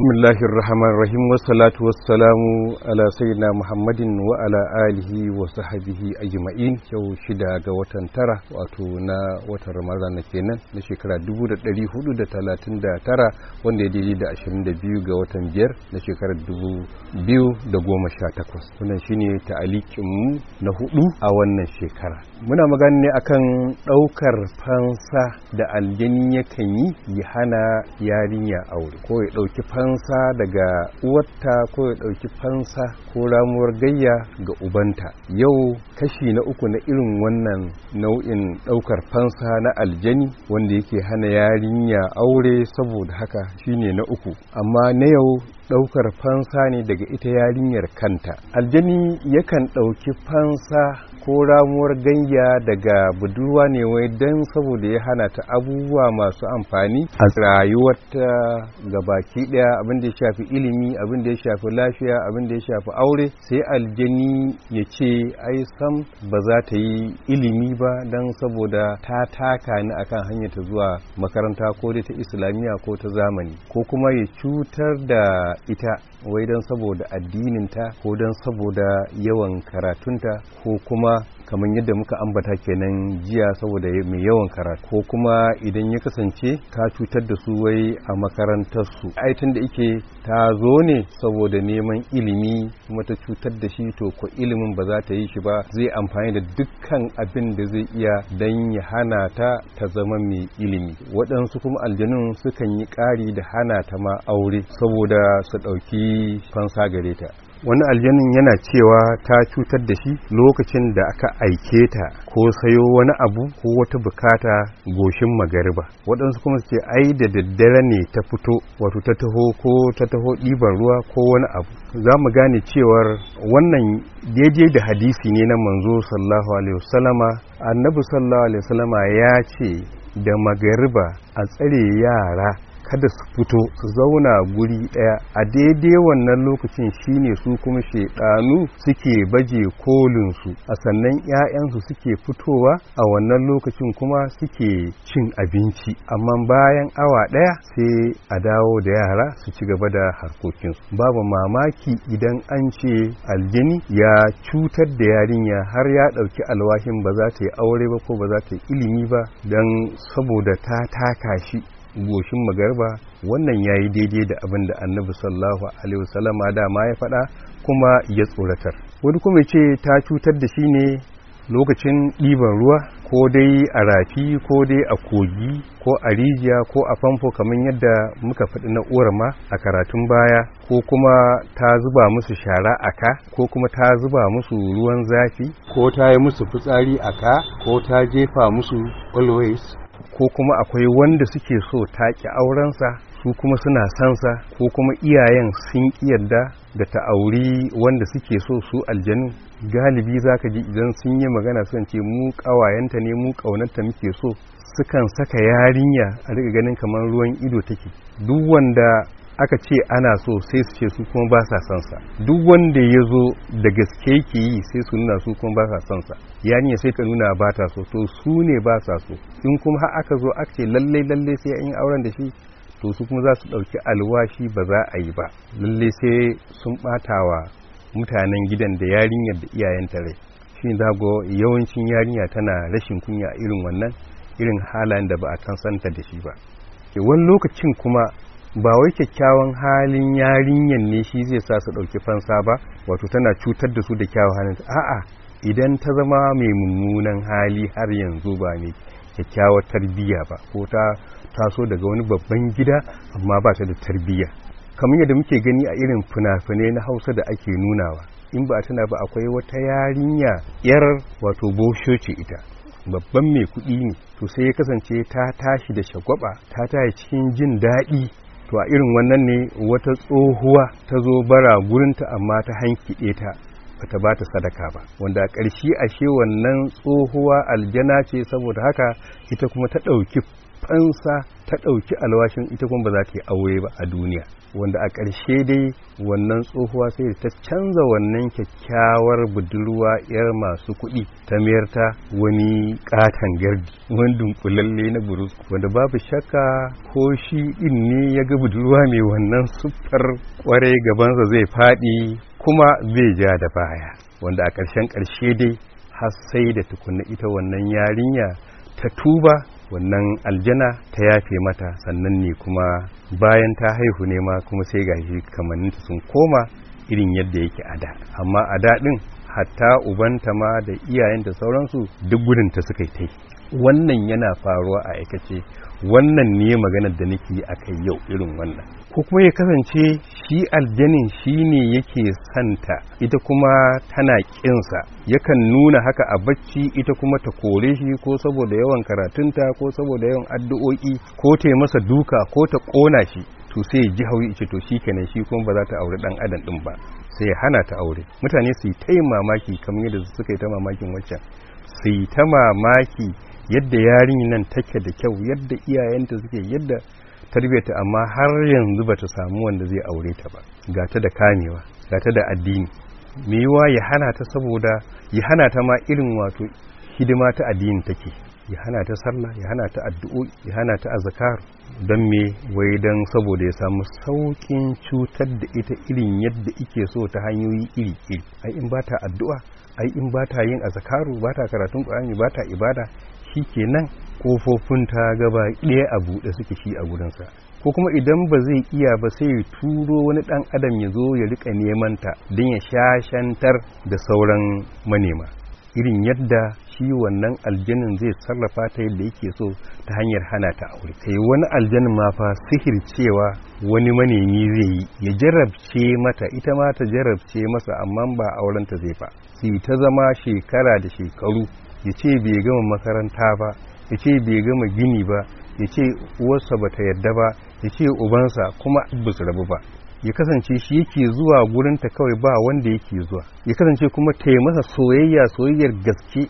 bismillahi rahman rahim wassalatu wassalamu muhammadin wa ala alihi yau shida ga tara wato na watan ramadana kenan na shekara دا ya daidai da 22 ga watan biyar na shekarar 2018 wannan shine ta'alikin mu na hudu a wannan shekara muna magana ne akan ɗaukar fansa da aljani yakan yi ya hana yarinya aure ko ya ɗauki fansa fansa daga uwarta ko ya ɗauki fansa ko ramuwar gayya ga ubanta yau kashi na uku na irin wannan nau'in ɗaukar fansa na aljani wanda yake hana yarinya aure saboda haka shine na uku amma na yau ɗaukar fansa ne daga ita yarinyar kanta aljani yakan ɗauki fansa ko ramuwar ganya daga budurwa ne wai don saboda ya hana ta abubuwa masu amfani a rayuwarta gabaki daya abin da ya shafi ilimi abin da ya shafi lafiya abin da ya shafi aure sai aljani ya ce ai sam ba za ta yi ilimi ba don saboda ta taka ni akan hanyar ta zuwa makaranta ko dai ta islamiyya ko ta zamani ko kuma ya cutar da ita wai don saboda addininta ko don saboda yawan karatunta ko kuma kamar yadda muka ambata kenan jiya saboda mai yawan karatu ko kuma idan ya kasance ka cutar da su wai a makarantarsu su aitin da ike ta zo ne saboda neman ilimi kuma ta cutar da shi to ko ilimin ba za ta yi shi ba zai amfani da dukkan abin da zai iya don ya hana ta ta zama mai ilimi waɗansu kuma aljanun sukan yi ƙari da hana ta ma aure saboda su ɗauki fansa gare ta wani aljanin yana cewa ta cutar da shi lokacin da aka aike ta ko sayo wani abu ko wata bukata goshin magariba waɗansu kuma suke ai da daddare ne ta fito wato ta taho ko ta taho ɗiban ruwa ko wani abu za mu gane cewar wannan daidai da hadisi ne na manzo sallallahu alaihi wasallama annabi sallallahu alaihi wasallama ya ce da magariba a tsare yara kada su fito su zauna guri ɗaya a daidai wannan lokacin shine su kuma shekanu suke baje kolinsu a sannan 'ya'yansu suke fitowa a wannan lokacin kuma suke cin abinci amma bayan awa ɗaya sai a dawo da yara su ci gaba da harkokinsu babu mamaki idan an ce aljini ya cutar da yarinya har ya ɗauki alwashin ba za ta yi aure ba ko ba za ta yi ilimi ba don saboda ta taka shi goshin magarba wannan ya yi daidai da abin da annabi sallahu alaihi wasallama dama ya faɗa kuma ya tsoratar wani kuma ce ta cutar da shi ne lokacin ɗiban ruwa ko dai a rafi ko dai a kogi ko a rijiya ko a famfo kamar yadda muka faɗi na ma a karatun baya ko kuma ta zuba musu shara a ka ko kuma ta zuba musu ruwan zafi ko ta yi musu fitsari a ka ko ta jefa musu always ko kuma akwai wanda suke so ta taƙi aurensa su kuma suna sansa ko kuma iyayen sun yarda da ta auri wanda suke so su aljanu galibi zaka ji idan sun yi magana sun ce mu ƙawayenta ne mu ƙaunarta muke so sukan saka yarinya a riga ganin kamar ruwan ido take duk wanda aka ce ana so sai su ce su kuma ba sa son sa duk wanda ya zo da gaske yake yi sai su nuna su kuma ba sa son sa yarinya sai ka nuna ba ta so to su ne ba sa so in kuma har aka zo aka ce lalle lalle sai an yi auren da shi to su kuma za su ɗauki alwashi ba za a yi ba lalle sai sun ɓatawa mutanen gidan da yarinyar da iyayenta rai shi ne zago yawancin yarinya tana rashin kunya irin wannan irin halayen da ba a san santa da shi ba ke wani lokacin kuma ba wai kyakkyawan halin yarinyar ne shi zai sa su ɗauki fansa ba wato tana cutar da su da kyawun halin a'a idan ta zama mai mummunan hali har yanzu ba mai kyakkyawar tarbiyya ba ko ta taso daga wani babban gida amma ba ta da tarbiyya kamar yadda muke gani a irin fina-finai na hausa da ake nunawa in ba tana ba akwai wata yarinya yar wato bosho ce ita babban mai kuɗi ne to sai ya kasance ta tashi da shagwaba ta tashi cikin jin daɗi to a irin wannan ne wata tsohuwa ta zo bara gurinta amma ta hankiɗe ta bata ba ta sadaka ba wanda a ƙarshe ashe wannan tsohuwa aljana ce saboda haka ita kuma ta ɗauki fansa ta ɗauki alwashin ita kuma ba za ta yi aure ba a duniya wanda a ƙarshe dai wannan tsohuwa sai da ta canza wannan kyakkyawar budurwa 'yar masu kuɗi ta mayar ta wani ƙaton gardi wani dunkulalle na burus wanda babu shakka ko shi ɗin ne ya ga budurwa mai wannan siffar ƙwarai gabansa zai faɗi kuma zai ja da baya wanda a ƙarshen ƙarshe dai har sai da tukunna ita wannan yarinya ta tuba wannan aljana ta yafe mata sannan ne kuma bayan ta haihu ne ma kuma sai ga shi kamanninta sun koma irin yadda yake a da amma a daɗin din hatta ubanta ma da iyayen da sauransu duk gudunta suka yi ta wannan yana faruwa a aikace wannan ne maganar da nake a kai yau irin wannan ko kuma ya kasance shi aljanin shi ne yake santa ita kuma tana ƙinsa yakan nuna haka a bacci ita kuma ta kore shi ko saboda yawan karatunta ko saboda yawan addu'o'i ko ta yi masa duka ko ta kona shi to sai ji hauyi ce to shi kenan shi kuma ba za ta aure dan adam din ba sai ya hana ta aure mutane su yi ta mamaki kamar yadda suka yi ta mamakin waccan su yi ta mamaki yadda yarinyar nan take da kyau yadda iyayenta suke yadda tarbiyyata amma har yanzu bata samu wanda zai aure ta ba ga ta da kamewa ga ta da addini yiwa ya hana ta saboda ya hana ta ma irin wato hidima ta addini take ya hana ta sallah ya hana ta addu'o ya hana ta azkar don me wai don saboda ya samu saukin cutar da ita irin yadda ike so ta hanyoyi iri iri ai in ta addu'a ai in ta yin azkaru ta karatun qur'ani ta ibada shi nan kofofin ta gaba ɗaya a buɗe suke shi a gurinsa ko kuma idan ba zai iya ba sai ya turo wani ɗan adam ya zo ya riƙa neman ta don ya shashantar da sauran manema irin yadda shi wannan aljanin zai sarrafa ta yadda yake so ta hanyar hana ta aure kai wani aljanin ma fa sihir cewa wani manemi zai yi ya jarabce mata ita ma ta jarabce masa amma ba auren ta zai fa sai ta zama shekara da shekaru ya ce bai gama makaranta ba ya ce bai gama gini ba ya ce uwarsa ba ta yadda ba ya ce ubansa kuma ba su rabu ba ya kasance shi yake zuwa gurinta kawai ba wanda yake zuwa ya kasance kuma ta masa soyayya soyayyar gaske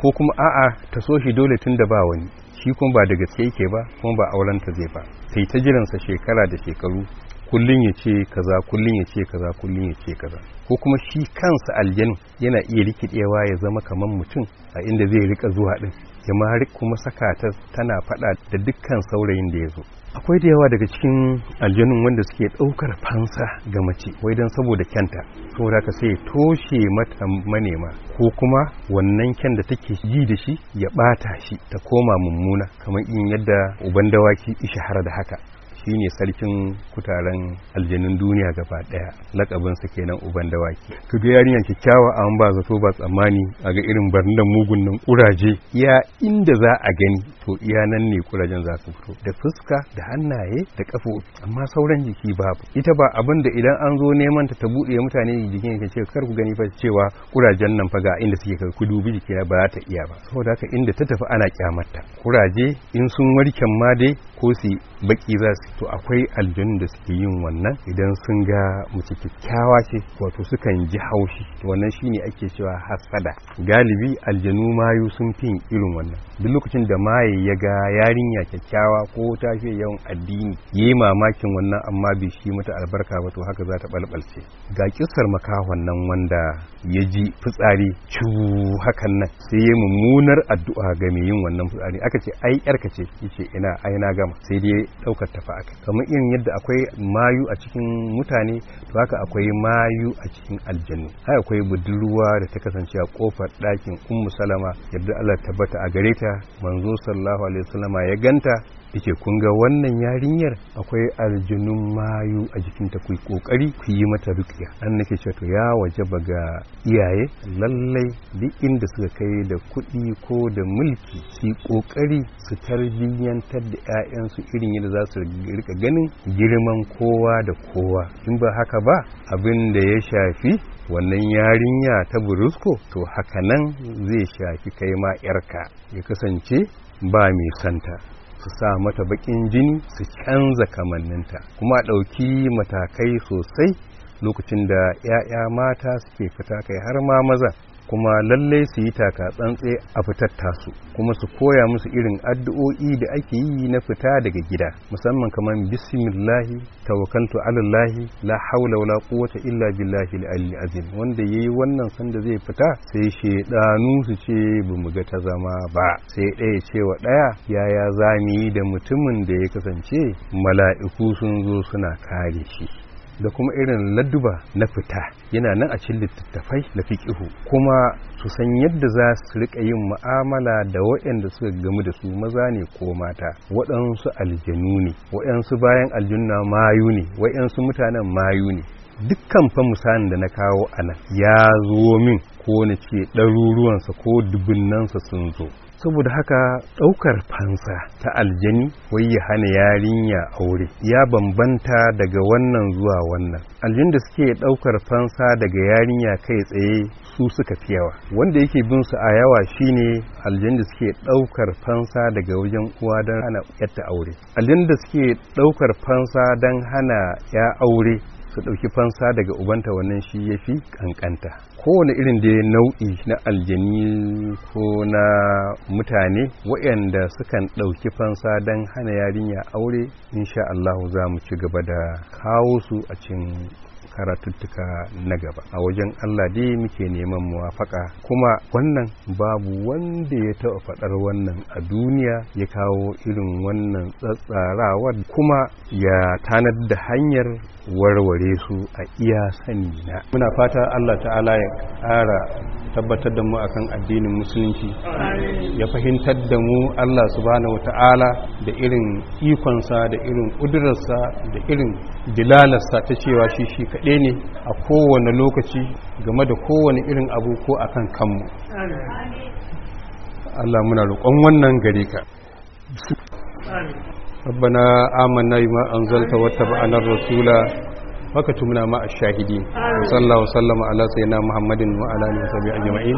ko kuma a'a ta so shi dole tun da ba wani shi kuma ba da gaske yake ba kuma ba aurenta zai ba sai ta jiransa shekara da shekaru kullun ya ce kaza kullun ya ce kaza kullun ya ce kaza ko kuma shi kansa aljanu yana iya rikidewa ya zama kamar mutum a inda zai rika zuwa din ya ma kuma saka ta tana fada da dukkan saurayin da ya zo akwai da yawa daga cikin aljanun wanda suke daukar fansa ga mace wai dan saboda kyanta saboda ka sai toshe mata manema ko kuma wannan kyan da take ji da shi ya bata shi ta koma mummuna kamar in yadda uban dawaki shahara da haka shine sarkin kutaren aljanun duniya gaba daya lakabin sa kenan uban dawaki to da yarinyar kyakkyawa an ba zato ba tsammani a ga irin barnan mugun nan kuraje Ya inda za a gani to iya nan ne kurajen za su fito da fuska da hannaye da kafo amma sauran jiki babu ita ba abin da idan an zo neman ta ta buɗe mutane jikin ka ce kar ku gani fa cewa kurajen nan fa ga inda suke kai ku dubi jiki ba za ta iya ba saboda haka inda ta tafi ana kyamata kuraje in sun warken ma dai ko su baki za su to akwai aljanun da suke yin wannan idan sun ga mace kyakkyawa ce wato sukan ji haushi wannan shine ake cewa hasada galibi aljanu mayu sun fi irin wannan duk lokacin da maye ya ga yarinya kyakkyawa ko ta fi yawan addini Yi mamakin wannan amma bai shi mata albarka ba to haka za ta balbalce ga kisar makahon nan wanda ya ji fitsari cu hakan nan sai ya mummunar addu'a ga mai yin wannan fitsari aka ce ai yarka ce ina ai na gama kama sai dai ɗaukar tafa aka kamar irin yadda akwai mayu a cikin mutane to haka akwai mayu a cikin aljannu har akwai budurwa da ta kasance a kofar ɗakin ummu salama yadda Allah tabbata a gare ta manzo sallallahu alaihi wasallama ya ganta yake kun ga wannan yarinyar akwai aljinun mayu a jikinta ku yi kokari ku yi mata rukiya an nake cewa to ya waje ga iyaye lallai duk inda suka kai da kuɗi ko da mulki su kokari su tarbiyyantar da 'ya'yansu irin yadda za su rika ganin girman kowa da kowa in ba haka ba abin da ya shafi wannan yarinya ta burusko to haka nan zai shafi kai ma 'yarka ya kasance ba mai santa su sa mata bakin jini su canza kamanninta kuma a ɗauki matakai sosai lokacin da 'ya'ya mata suke fita kai har ma maza kuma lalle su yi taka tsantse a fitar tasu kuma su koya musu irin addu'o'i da ake yi na fita daga gida musamman kamar bismillahi tawakkaltu alallahi la haula wala quwwata illa billahi al azim wanda yayi wannan sanda zai fita sai shedanu su ce bamu ga ta zama ba sai ɗaya cewa ɗaya yaya zamu yi da mutumin da ya kasance mala'iku sun zo suna kare shi da kuma irin ladduba na fita yana nan a cikin littattafai na fiqihu kuma su san yadda za su rika yin mu'amala da waɗanda suka gamu da su maza ne ko mata waɗansu aljanu ne waɗansu bayan aljanna mayu ne waɗansu mutanen mayu ne dukkan fa misalin da na kawo anan ya zo min ko na ce ɗaruruwansa ko dubunnansa sun zo saboda haka ɗaukar fansa ta aljani wai ya hana yarinya aure ya bambanta daga wannan zuwa wannan aljin da suke ɗaukar fansa daga yarinya kai tsaye su suka fi yawa wanda yake bin su a yawa shine aljin da suke ɗaukar fansa daga wajen uwa don hana yatta aure aljin da suke ɗaukar fansa don hana ya aure su ɗauki fansa daga ubanta wannan shi ya fi ƙanƙanta kowane irin da nau'i na aljani ko na mutane waɗanda sukan ɗauki fansa don hana yarinya aure insha Allah za mu ci gaba da kawo su a cikin karatuttuka na gaba a wajen Allah dai muke neman muwafaka kuma wannan babu wanda ya taɓa faɗar wannan a duniya ya kawo irin wannan tsatsarawar kuma ya tanar da hanyar warware su a iya sani na muna fata Allah ta'ala ya ƙara tabbatar da mu akan addinin musulunci ya fahimtar da mu Allah subhanahu wata'ala da irin ikonsa da irin ƙudurarsa da irin dilalarsa ta cewa shi shi kaɗai daidai ne a kowane lokaci game da kowane irin abu ko a kan kanmu Allah muna roƙon wannan gare ka rabbana amanna bima anzalta wattaba ana rasula haka tumna ma a shahidi sallallahu sallama ala na muhammadin wa ala alihi wasahbihi ajma'in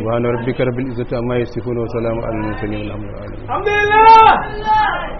subhana rabbika rabbil izzati amma yasifun wa salamun ala al-mursalin alhamdulillah alhamdulillah